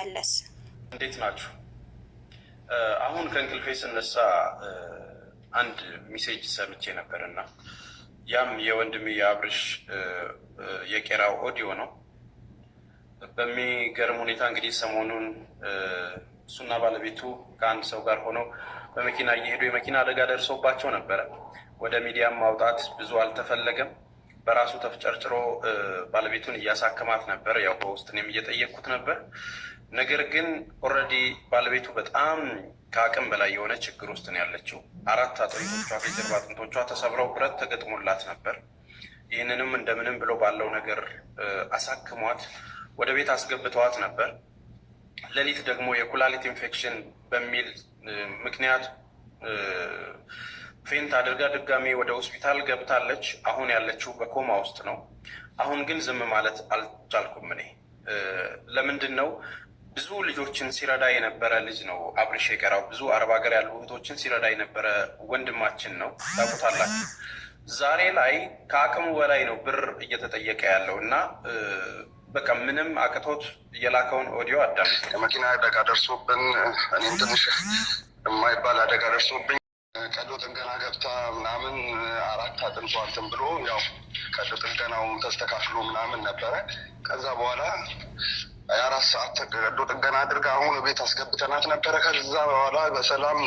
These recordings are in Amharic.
መለስ እንዴት ናችሁ? አሁን ከእንቅልፌ ስነሳ አንድ ሚሴጅ ሰምቼ ነበር እና ያም የወንድሜ የአብርሽ የቄራው ኦዲዮ ነው። በሚገርም ሁኔታ እንግዲህ ሰሞኑን እሱና ባለቤቱ ከአንድ ሰው ጋር ሆነው በመኪና እየሄዱ የመኪና አደጋ ደርሶባቸው ነበረ። ወደ ሚዲያም ማውጣት ብዙ አልተፈለገም። በራሱ ተፍጨርጭሮ ባለቤቱን እያሳከማት ነበር። ያው በውስጥ እኔም እየጠየቅኩት ነበር። ነገር ግን ኦልሬዲ ባለቤቱ በጣም ከአቅም በላይ የሆነ ችግር ውስጥ ነው ያለችው። አራት አጥንቶቿ ከጀርባ አጥንቶቿ ተሰብረው ብረት ተገጥሞላት ነበር። ይህንንም እንደምንም ብሎ ባለው ነገር አሳክሟት ወደ ቤት አስገብተዋት ነበር። ሌሊት ደግሞ የኩላሊት ኢንፌክሽን በሚል ምክንያት ፌንት አድርጋ ድጋሚ ወደ ሆስፒታል ገብታለች። አሁን ያለችው በኮማ ውስጥ ነው። አሁን ግን ዝም ማለት አልቻልኩም እኔ ለምንድን ነው ብዙ ልጆችን ሲረዳ የነበረ ልጅ ነው አብርሽ የቀራው። ብዙ አረብ ሀገር ያሉ እህቶችን ሲረዳ የነበረ ወንድማችን ነው። ታውቁታላችሁ። ዛሬ ላይ ከአቅሙ በላይ ነው ብር እየተጠየቀ ያለው እና በቃ ምንም አቅቶት የላከውን ኦዲዮ አዳም የመኪና አደጋ ደርሶብን እኔም ትንሽ የማይባል አደጋ ደርሶብኝ ቀዶ ጥገና ገብታ ምናምን አራት አጥንቷልትን ብሎ ያው ቀዶ ጥገናው ተስተካክሎ ምናምን ነበረ ከዛ በኋላ አራት ሰዓት ቀዶ ጥገና አድርጋ አሁን ቤት አስገብተናት ነበረ። ከዛ በኋላ በሰላም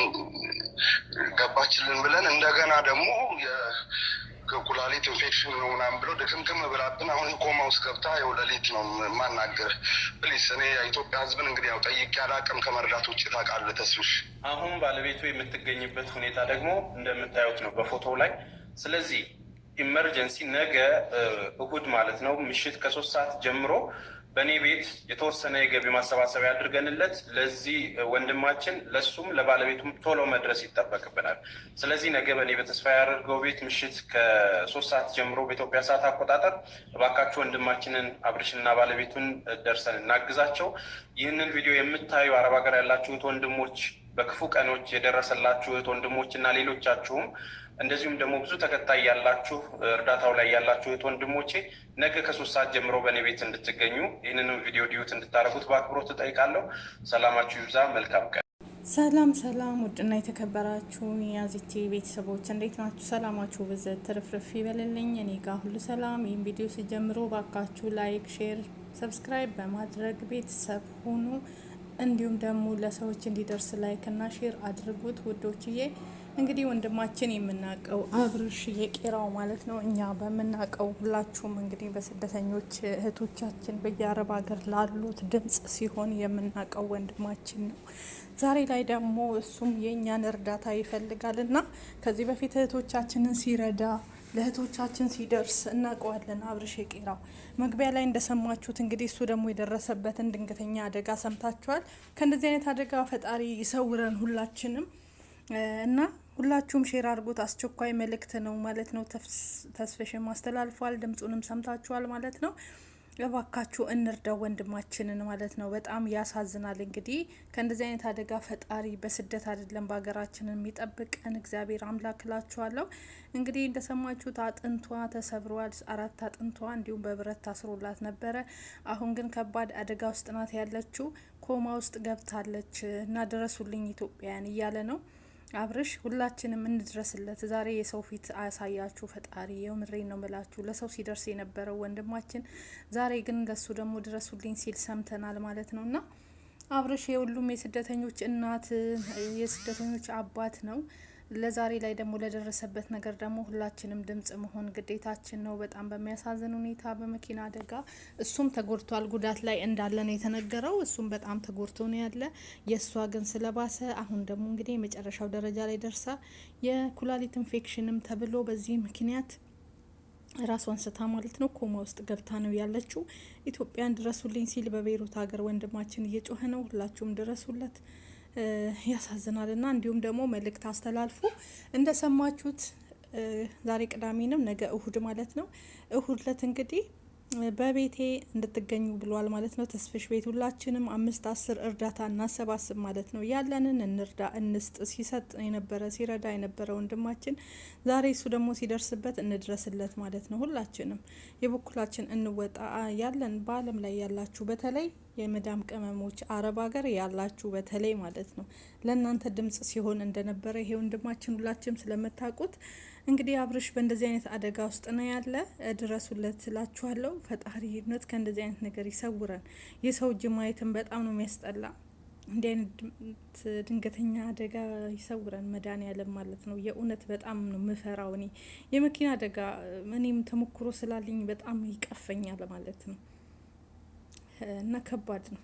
ገባችልን ብለን እንደገና ደግሞ ኩላሊት ኢንፌክሽን ነው ምናምን ብሎ ድክምክም ብላብን አሁን ኮማ ውስጥ ገብታ ያው ነው የማናገር። ፕሊስ እኔ የኢትዮጵያ ሕዝብን እንግዲህ ያው ጠይቄ አላቅም ከመርዳት ውጭ ታውቃለህ ተስብሽ። አሁን ባለቤቱ የምትገኝበት ሁኔታ ደግሞ እንደምታዩት ነው በፎቶ ላይ። ስለዚህ ኢመርጀንሲ ነገ እሁድ ማለት ነው ምሽት ከሶስት ሰዓት ጀምሮ በእኔ ቤት የተወሰነ የገቢ ማሰባሰቢያ አድርገንለት ለዚህ ወንድማችን ለሱም ለባለቤቱም ቶሎ መድረስ ይጠበቅብናል። ስለዚህ ነገ በእኔ በተስፋ ያደርገው ቤት ምሽት ከሶስት ሰዓት ጀምሮ በኢትዮጵያ ሰዓት አቆጣጠር እባካችሁ ወንድማችንን አብርሽንና ባለቤቱን ደርሰን እናግዛቸው። ይህንን ቪዲዮ የምታዩ አረብ ሀገር ያላችሁት ወንድሞች፣ በክፉ ቀኖች የደረሰላችሁት ወንድሞች እና ሌሎቻችሁም እንደዚሁም ደግሞ ብዙ ተከታይ ያላችሁ እርዳታው ላይ ያላችሁ እህት ወንድሞቼ ነገ ከሶስት ሰዓት ጀምሮ በእኔ ቤት እንድትገኙ ይህንንም ቪዲዮ ዲዩት እንድታደርጉት በአክብሮት ትጠይቃለሁ። ሰላማችሁ ይብዛ። መልካም ቀን። ሰላም ሰላም። ውድና የተከበራችሁ የአዚቲ ቤተሰቦች እንዴት ናችሁ? ሰላማችሁ ብዘት ትርፍርፍ ይበልልኝ። እኔ ጋር ሁሉ ሰላም። ይህን ቪዲዮ ሲጀምሮ ባካችሁ ላይክ፣ ሼር፣ ሰብስክራይብ በማድረግ ቤተሰብ ሁኑ። እንዲሁም ደግሞ ለሰዎች እንዲደርስ ላይክ እና ሼር አድርጉት ውዶችዬ እንግዲህ ወንድማችን የምናውቀው አብርሽ የቄራው ማለት ነው። እኛ በምናውቀው ሁላችሁም እንግዲህ በስደተኞች እህቶቻችን በየአረብ ሀገር ላሉት ድምጽ ሲሆን የምናውቀው ወንድማችን ነው። ዛሬ ላይ ደግሞ እሱም የእኛን እርዳታ ይፈልጋል እና ከዚህ በፊት እህቶቻችንን ሲረዳ ለእህቶቻችን ሲደርስ እናውቀዋለን። አብርሽ የቄራው መግቢያ ላይ እንደሰማችሁት እንግዲህ እሱ ደግሞ የደረሰበትን ድንገተኛ አደጋ ሰምታችኋል። ከእንደዚህ አይነት አደጋ ፈጣሪ ይሰውረን ሁላችንም እና ሁላችሁም ሼር አድርጎት አስቸኳይ መልእክት ነው ማለት ነው። ተስፈሽም አስተላልፏል። ድምፁንም ሰምታችኋል ማለት ነው። እባካችሁ እንርዳው ወንድማችንን ማለት ነው። በጣም ያሳዝናል። እንግዲህ ከእንደዚህ አይነት አደጋ ፈጣሪ በስደት አይደለም በሀገራችን የሚጠብቀን እግዚአብሔር አምላክ እላችኋለሁ። እንግዲህ እንደሰማችሁት አጥንቷ ተሰብሯል፣ አራት አጥንቷ እንዲሁም በብረት ታስሮላት ነበረ። አሁን ግን ከባድ አደጋ ውስጥ ናት ያለችው፣ ኮማ ውስጥ ገብታለች እና ድረሱልኝ ኢትዮጵያውያን እያለ ነው አብርሽ ሁላችንም እንድረስለት። ዛሬ የሰው ፊት አያሳያችሁ ፈጣሪ። የምሬ ነው ምላችሁ። ለሰው ሲደርስ የነበረው ወንድማችን ዛሬ ግን ለሱ ደግሞ ድረሱልኝ ሲል ሰምተናል ማለት ነው እና አብረሽ የሁሉም የስደተኞች እናት የስደተኞች አባት ነው። ለዛሬ ላይ ደግሞ ለደረሰበት ነገር ደግሞ ሁላችንም ድምጽ መሆን ግዴታችን ነው። በጣም በሚያሳዝን ሁኔታ በመኪና አደጋ እሱም ተጎድቷል። ጉዳት ላይ እንዳለ ነው የተነገረው። እሱም በጣም ተጎድቶ ነው ያለ። የእሷ ግን ስለባሰ አሁን ደግሞ እንግዲህ የመጨረሻው ደረጃ ላይ ደርሳ የኩላሊት ኢንፌክሽንም ተብሎ በዚህ ምክንያት ራሷን ስታ ማለት ነው ኮማ ውስጥ ገብታ ነው ያለችው። ኢትዮጵያን ድረሱልኝ ሲል በቤይሩት ሀገር ወንድማችን እየጮኸ ነው። ሁላችሁም ድረሱለት። ያሳዝናል እንዲሁም ደግሞ መልእክት አስተላልፎ እንደሰማችሁት ዛሬ ቅዳሜ ነው፣ ነገ እሁድ ማለት ነው። እሁድ ለት እንግዲህ በቤቴ እንድትገኙ ብሏል ማለት ነው። ተስፍሽ ቤት ሁላችንም አምስት አስር እርዳታ እናሰባስብ ማለት ነው። ያለንን እንርዳ እንስጥ። ሲሰጥ የነበረ ሲረዳ የነበረ ወንድማችን ዛሬ እሱ ደግሞ ሲደርስበት እንድረስለት ማለት ነው። ሁላችንም የበኩላችን እንወጣ። ያለን በአለም ላይ ያላችሁ በተለይ የመዳም ቅመሞች አረብ ሀገር ያላችሁ በተለይ ማለት ነው ለእናንተ ድምጽ ሲሆን እንደነበረ ይሄ ወንድማችን ሁላችንም ስለምታውቁት እንግዲህ አብርሽ በእንደዚህ አይነት አደጋ ውስጥ ነው ያለ። ድረሱለት እላችኋለሁ። ፈጣሪ እውነት ከእንደዚህ አይነት ነገር ይሰውረን። የሰው እጅ ማየትን በጣም ነው የሚያስጠላ። እንዲህ አይነት ድንገተኛ አደጋ ይሰውረን መድኃኒዓለም ማለት ነው። የእውነት በጣም ነው ምፈራው እኔ የመኪና አደጋ እኔም ተሞክሮ ስላለኝ በጣም ይቀፈኛል ማለት ነው እና ከባድ ነው።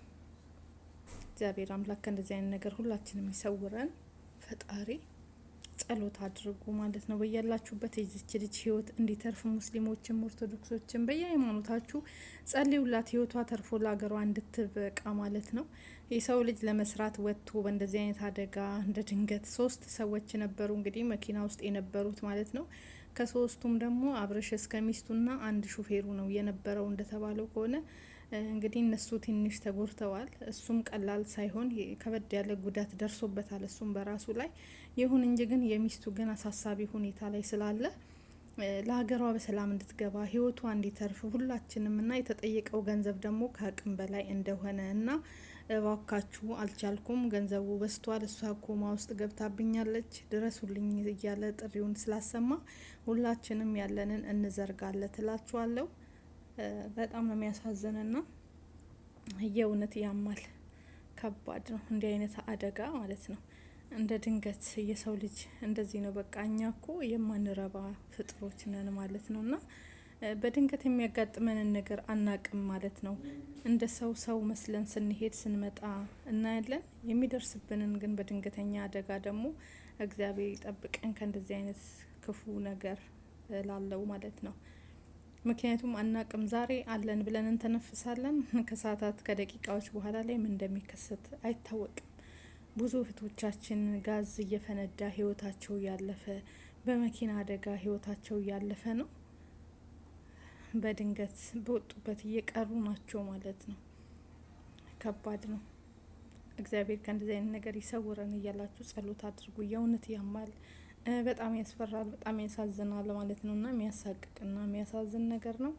እግዚአብሔር አምላክ ከእንደዚህ አይነት ነገር ሁላችንም ይሰውረን ፈጣሪ ጸሎት አድርጉ ማለት ነው። በያላችሁበት የዚች ልጅ ህይወት እንዲተርፍ ሙስሊሞችም ኦርቶዶክሶችም በየሃይማኖታችሁ ጸልዩላት፣ ህይወቷ ተርፎ ለሀገሯ እንድትበቃ ማለት ነው። የሰው ልጅ ለመስራት ወጥቶ በእንደዚህ አይነት አደጋ እንደ ድንገት ሶስት ሰዎች ነበሩ እንግዲህ መኪና ውስጥ የነበሩት ማለት ነው። ከሶስቱም ደግሞ አብረሽ እስከ ሚስቱና አንድ ሹፌሩ ነው የነበረው እንደተባለው ከሆነ እንግዲህ እነሱ ትንሽ ተጎድተዋል። እሱም ቀላል ሳይሆን ከበድ ያለ ጉዳት ደርሶበታል እሱም በራሱ ላይ። ይሁን እንጂ ግን የሚስቱ ግን አሳሳቢ ሁኔታ ላይ ስላለ ለሀገሯ በሰላም እንድትገባ ህይወቷ እንዲተርፍ ሁላችንም እና የተጠየቀው ገንዘብ ደግሞ ከአቅም በላይ እንደሆነ እና እባካችሁ አልቻልኩም፣ ገንዘቡ በስቷል፣ እሷ ኮማ ውስጥ ገብታብኛለች፣ ድረሱልኝ እያለ ጥሪውን ስላሰማ ሁላችንም ያለንን እንዘርጋለ ትላችኋለሁ። በጣም ነው የሚያሳዝንና የእውነት ያማል። ከባድ ነው እንዲህ አይነት አደጋ ማለት ነው። እንደ ድንገት የሰው ልጅ እንደዚህ ነው። በቃ እኛ ኮ የማንረባ ፍጥሮች ነን ማለት ነው እና በድንገት የሚያጋጥመንን ነገር አናቅም ማለት ነው። እንደ ሰው ሰው መስለን ስንሄድ ስንመጣ እናያለን። የሚደርስብንን ግን በድንገተኛ አደጋ ደግሞ እግዚአብሔር ይጠብቀን ከእንደዚህ አይነት ክፉ ነገር ላለው ማለት ነው። ምክንያቱም አናቅም። ዛሬ አለን ብለን እንተነፍሳለን። ከሰዓታት ከደቂቃዎች በኋላ ላይ ምን እንደሚከሰት አይታወቅም። ብዙ እህቶቻችን ጋዝ እየፈነዳ ህይወታቸው እያለፈ፣ በመኪና አደጋ ህይወታቸው እያለፈ ነው። በድንገት በወጡበት እየቀሩ ናቸው ማለት ነው። ከባድ ነው። እግዚአብሔር ከእንደዚህ አይነት ነገር ይሰውረን እያላችሁ ጸሎት አድርጉ። የእውነት ያማል። በጣም ያስፈራል፣ በጣም ያሳዝናል ማለት ነው እና የሚያሳቅቅና የሚያሳዝን ነገር ነው።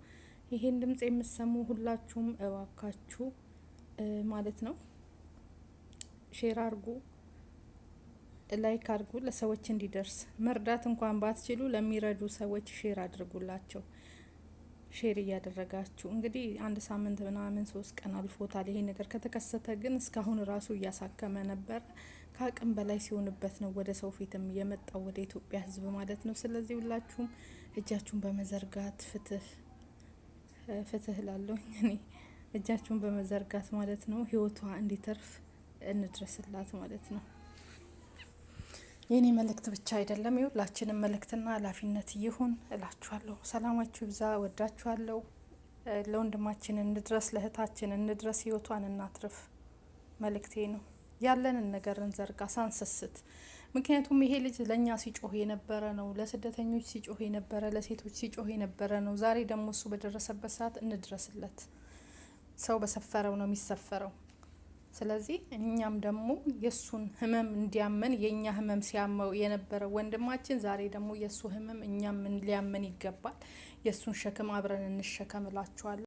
ይሄን ድምጽ የምትሰሙ ሁላችሁም እባካችሁ ማለት ነው ሼር አርጉ፣ ላይክ አርጉ፣ ለሰዎች እንዲደርስ መርዳት እንኳን ባትችሉ ለሚረዱ ሰዎች ሼር አድርጉላቸው። ሼር እያደረጋችሁ እንግዲህ አንድ ሳምንት ምናምን ሶስት ቀን አልፎታል ይሄ ነገር ከተከሰተ ግን እስካሁን ራሱ እያሳከመ ነበር። ከአቅም በላይ ሲሆንበት ነው ወደ ሰው ፊትም የመጣው ወደ ኢትዮጵያ ህዝብ ማለት ነው። ስለዚህ ሁላችሁም እጃችሁን በመዘርጋት ፍትህ ፍትህ ላለሁ እኔ እጃችሁን በመዘርጋት ማለት ነው ህይወቷ እንዲተርፍ እንድረስላት ማለት ነው። የኔ መልእክት ብቻ አይደለም የሁላችንም መልእክትና ኃላፊነት ይሁን እላችኋለሁ። ሰላማችሁ ይብዛ። ወዳችኋለሁ። ለወንድማችን እንድረስ፣ ለእህታችን እንድረስ፣ ህይወቷን እናትርፍ መልእክቴ ነው። ያለንን ነገር እንዘርጋ ሳንሰስት ምክንያቱም ይሄ ልጅ ለእኛ ሲጮህ የነበረ ነው፣ ለስደተኞች ሲጮህ የነበረ፣ ለሴቶች ሲጮህ የነበረ ነው። ዛሬ ደግሞ እሱ በደረሰበት ሰዓት እንድረስለት። ሰው በሰፈረው ነው የሚሰፈረው። ስለዚህ እኛም ደግሞ የእሱን ህመም እንዲያመን የእኛ ህመም ሲያመው የነበረ ወንድማችን ዛሬ ደግሞ የእሱ ህመም እኛም ሊያመን ይገባል። የእሱን ሸክም አብረን እንሸከምላችኋለን።